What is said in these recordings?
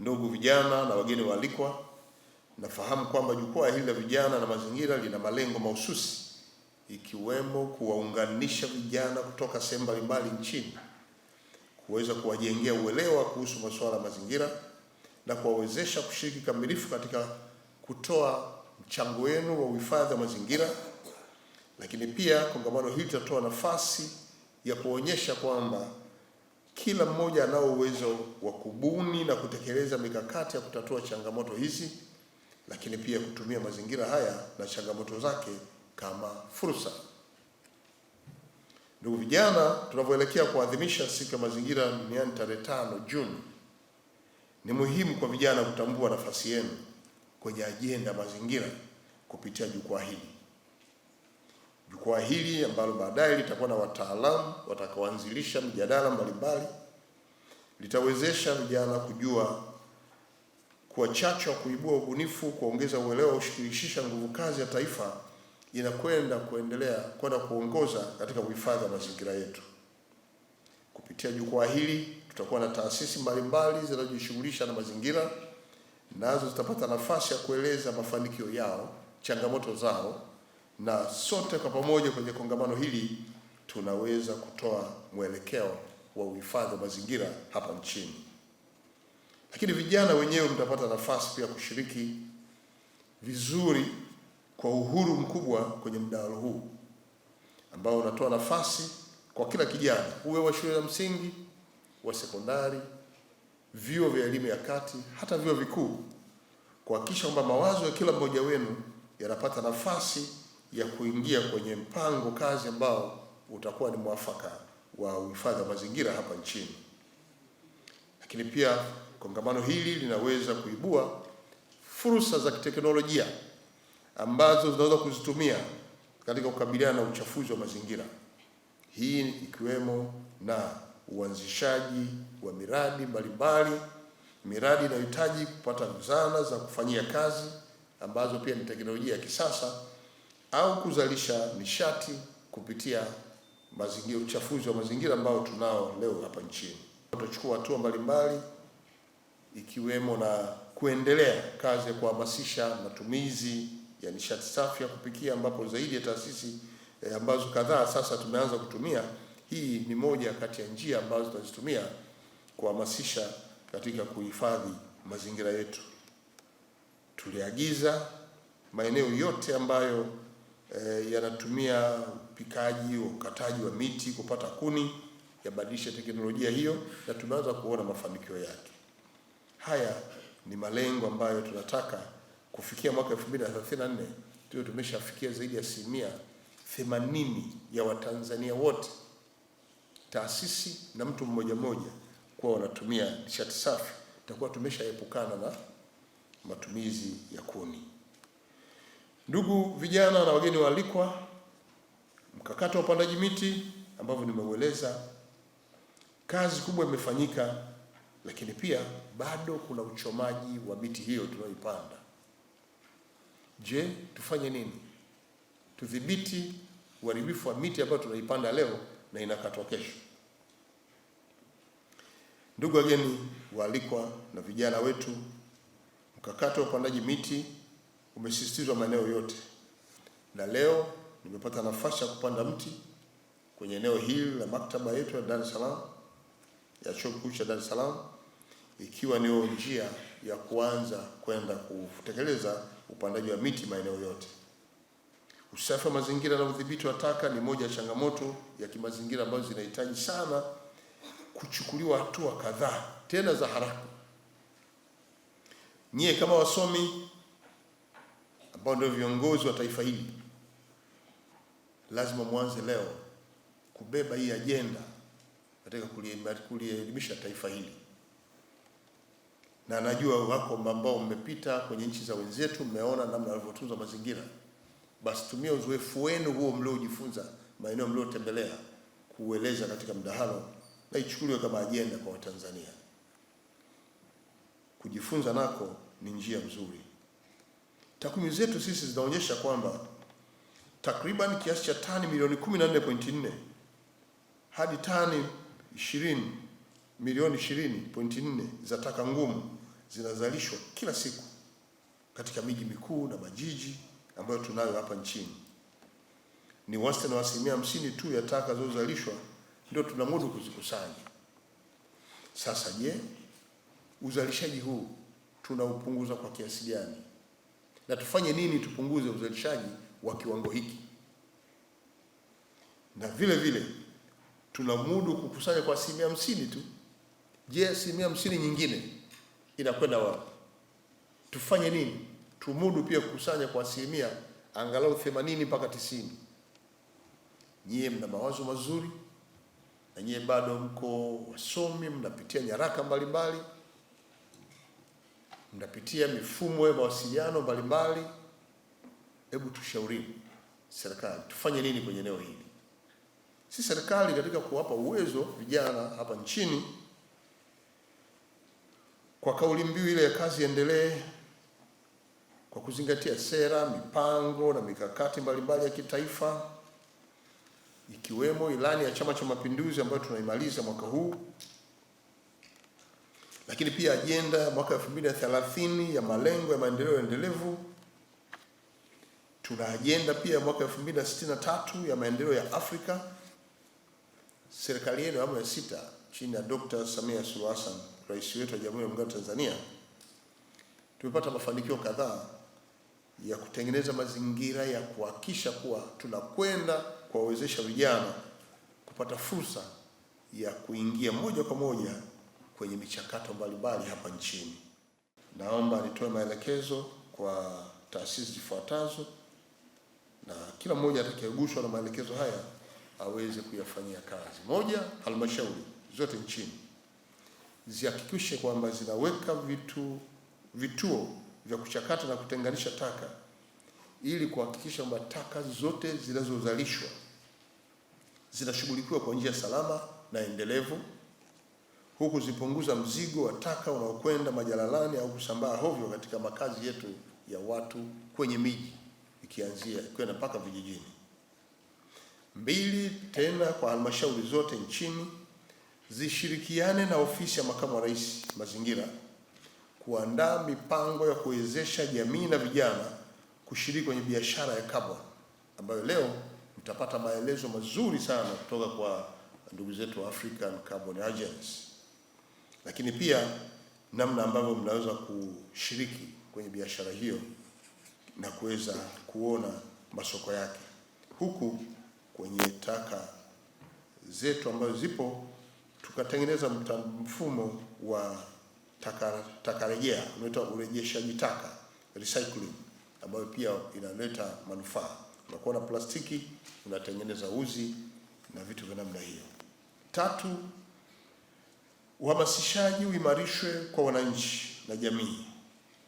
Ndugu vijana na wageni waalikwa, nafahamu kwamba jukwaa hili la vijana na mazingira lina malengo mahususi ikiwemo kuwaunganisha vijana kutoka sehemu mbalimbali nchini, kuweza kuwajengea uelewa kuhusu masuala ya mazingira na kuwawezesha kushiriki kamilifu katika kutoa mchango wenu wa uhifadhi wa mazingira. Lakini pia kongamano hili litatoa nafasi ya kuonyesha kwamba kila mmoja anao uwezo wa kubuni na kutekeleza mikakati ya kutatua changamoto hizi, lakini pia kutumia mazingira haya na changamoto zake kama fursa. Ndugu vijana, tunavyoelekea kuadhimisha siku ya mazingira duniani tarehe tano Juni, ni muhimu kwa vijana kutambua nafasi yenu kwenye ajenda mazingira kupitia jukwaa hili jukwaa hili ambalo baadaye litakuwa na wataalamu watakaoanzilisha mjadala mbalimbali litawezesha vijana kujua kuwa chachu ya kuibua ubunifu, kuongeza uelewa, ushirikishisha nguvu kazi ya taifa inakwenda kuendelea kwenda kuongoza katika uhifadhi wa mazingira yetu. Kupitia jukwaa hili tutakuwa na taasisi mbalimbali zinazojishughulisha na mazingira, nazo zitapata nafasi ya kueleza mafanikio yao, changamoto zao na sote kwa pamoja kwenye kongamano hili tunaweza kutoa mwelekeo wa uhifadhi wa mazingira hapa nchini. Lakini vijana wenyewe mtapata nafasi pia kushiriki vizuri kwa uhuru mkubwa kwenye mdahalo huu ambao unatoa nafasi kwa kila kijana, uwe wa shule za msingi, wa sekondari, vyuo vya elimu ya kati, hata vyuo vikuu, kuhakikisha kwamba mawazo ya kila mmoja wenu yanapata nafasi ya kuingia kwenye mpango kazi ambao utakuwa ni mwafaka wa uhifadhi wa mazingira hapa nchini. Lakini pia kongamano hili linaweza kuibua fursa za kiteknolojia ambazo zinaweza kuzitumia katika kukabiliana na uchafuzi wa mazingira, hii ikiwemo na uanzishaji wa miradi mbalimbali, miradi inayohitaji kupata zana za kufanyia kazi ambazo pia ni teknolojia ya kisasa au kuzalisha nishati kupitia mazingira, uchafuzi wa mazingira ambao tunao leo hapa nchini. Tutachukua hatua mbalimbali ikiwemo na kuendelea kazi ya kuhamasisha matumizi ya nishati safi ya kupikia, ambapo zaidi ya taasisi eh, ambazo kadhaa sasa tumeanza kutumia. Hii ni moja kati ya njia ambazo tunazitumia kuhamasisha katika kuhifadhi mazingira yetu. Tuliagiza maeneo yote ambayo e, yanatumia pikaji wa ukataji wa miti kupata kuni, yabadilishe teknolojia hiyo, na tumeanza kuona mafanikio yake. Haya ni malengo ambayo tunataka kufikia mwaka 2034 tuwe tumeshafikia zaidi ya asilimia themanini ya Watanzania wote, taasisi na mtu mmoja mmoja, kuwa wanatumia nishati safi, tutakuwa tumeshaepukana na matumizi ya kuni. Ndugu vijana na wageni waalikwa, mkakati wa upandaji miti ambavyo nimeueleza, kazi kubwa imefanyika, lakini pia bado kuna uchomaji wa miti hiyo tunayoipanda. Je, tufanye nini? Tudhibiti uharibifu wa miti ambayo tunaipanda leo na inakatwa kesho. Ndugu wageni waalikwa na vijana wetu, mkakati wa upandaji miti umesisitizwa maeneo yote, na leo nimepata nafasi ya kupanda mti kwenye eneo hili la maktaba yetu ya Dar es Salaam ya chuo kikuu cha Dar es Salaam, ikiwa niyo njia ya kuanza kwenda kutekeleza upandaji wa miti maeneo yote. Usafi wa mazingira na udhibiti wa taka ni moja ya changamoto ya kimazingira ambazo zinahitaji sana kuchukuliwa hatua kadhaa tena za haraka. Nyie kama wasomi ambao ndio viongozi wa taifa hili, lazima mwanze leo kubeba hii ajenda katika kulielimisha taifa hili, na najua wako ambao mmepita kwenye nchi za wenzetu, mmeona namna walivyotunza mazingira. Basi tumia uzoefu wenu huo mliojifunza maeneo mliotembelea kuueleza katika mdahalo, na ichukuliwe kama ajenda kwa Watanzania. Kujifunza nako ni njia nzuri. Takwimu zetu sisi zinaonyesha kwamba takriban kiasi cha tani milioni 14.4 hadi tani 20 milioni 20.4 za taka ngumu zinazalishwa kila siku katika miji mikuu na majiji ambayo tunayo hapa nchini. Ni wastani wa asilimia hamsini tu ya taka zilizozalishwa ndio tunamudu kuzikusanya. Sasa je, uzalishaji huu tunaupunguza kwa kiasi gani? na tufanye nini tupunguze uzalishaji wa kiwango hiki, na vile vile tunamudu kukusanya kwa asilimia hamsini tu. Je, asilimia hamsini nyingine inakwenda wapi? Tufanye nini tumudu pia kukusanya kwa asilimia angalau themanini mpaka tisini. Nyie mna mawazo mazuri na nyie bado mko wasomi, mnapitia nyaraka mbalimbali mbali mnapitia mifumo ya mawasiliano mbalimbali. Hebu tushaurini serikali tufanye nini kwenye eneo hili. Si serikali katika kuwapa uwezo vijana hapa nchini kwa kauli mbiu ile ya kazi endelee, kwa kuzingatia sera, mipango na mikakati mbalimbali ya kitaifa ikiwemo ilani ya Chama cha Mapinduzi ambayo tunaimaliza mwaka huu lakini pia ajenda ya mwaka 2030 ya malengo ya maendeleo endelevu. Tuna ajenda pia mwaka 2063 ya maendeleo ya Afrika. Serikali yenu awamu ya sita chini ya Dr. Samia Suluhu Hassan, rais wetu wa Jamhuri ya Muungano wa Tanzania, tumepata mafanikio kadhaa ya kutengeneza mazingira ya kuhakikisha kuwa tunakwenda kuwawezesha vijana kupata fursa ya kuingia moja kwa moja kwenye michakato mbalimbali hapa nchini. Naomba nitoe maelekezo kwa taasisi zifuatazo na kila mmoja atakayeguswa na maelekezo haya aweze kuyafanyia kazi. Moja, halmashauri zote nchini zihakikishe kwamba zinaweka vitu vituo vya kuchakata na kutenganisha taka ili kuhakikisha kwamba taka zote zinazozalishwa zinashughulikiwa kwa njia salama na endelevu huku zipunguza mzigo wa taka unaokwenda majalalani au kusambaa hovyo katika makazi yetu ya watu kwenye miji ikianzia kwenda mpaka vijijini. Mbili, tena kwa halmashauri zote nchini zishirikiane na ofisi ya makamu wa rais mazingira kuandaa mipango ya kuwezesha jamii na vijana kushiriki kwenye biashara ya kabwa, ambayo leo mtapata maelezo mazuri sana kutoka kwa ndugu zetu African Carbon Agency lakini pia namna ambavyo mnaweza kushiriki kwenye biashara hiyo na kuweza kuona masoko yake, huku kwenye taka zetu ambazo zipo tukatengeneza mfumo wa taka taka rejea, unaitwa urejeshaji taka recycling, ambayo pia inaleta manufaa. Unakuwa na plastiki unatengeneza uzi na vitu vya namna hiyo. Tatu, uhamasishaji uimarishwe kwa wananchi na jamii.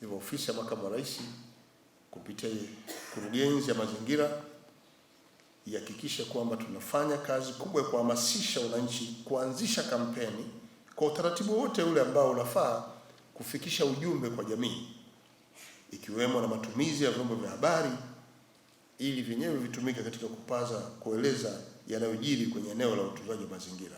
Hivyo ofisi ya makamu wa rais kupitia kurugenzi ya mazingira ihakikishe kwamba tunafanya kazi kubwa ya kuhamasisha wananchi kuanzisha kampeni kwa utaratibu wote ule ambao unafaa kufikisha ujumbe kwa jamii, ikiwemo na matumizi ya vyombo vya habari ili vyenyewe vitumike katika kupaza, kueleza yanayojiri kwenye eneo la utunzaji wa mazingira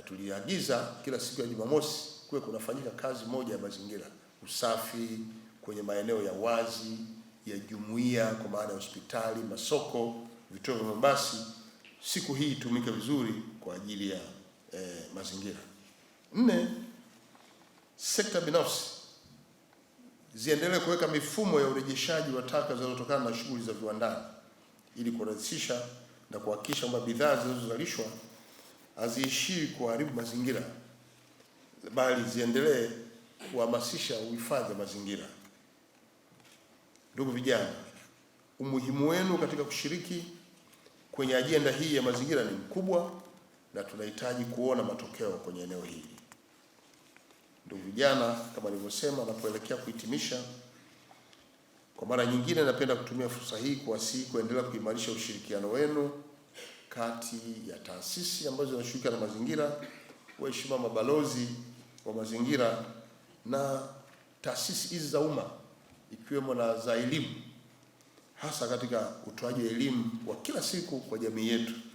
na tuliagiza kila siku ya Jumamosi kuwe kunafanyika kazi moja ya mazingira, usafi kwenye maeneo ya wazi ya jumuiya, kwa maana ya hospitali, masoko, vituo vya mabasi. Siku hii itumike vizuri kwa ajili ya eh, mazingira. Nne, sekta binafsi ziendelee kuweka mifumo ya urejeshaji wa taka zinazotokana na shughuli za viwandani ili kurahisisha na kuhakikisha kwamba bidhaa zinazozalishwa haziishii kuharibu mazingira, bali ziendelee kuhamasisha uhifadhi wa mazingira. Ndugu vijana, umuhimu wenu katika kushiriki kwenye ajenda hii ya mazingira ni mkubwa na tunahitaji kuona matokeo kwenye eneo hili. Ndugu vijana, kama nilivyosema napoelekea kuhitimisha, kwa mara nyingine napenda kutumia fursa hii kuwasihi kuendelea kuimarisha ushirikiano wenu kati ya taasisi ambazo zinashughulika na mazingira, waheshimiwa mabalozi wa mazingira na taasisi hizi za umma ikiwemo na za elimu, hasa katika utoaji wa elimu wa kila siku kwa jamii yetu.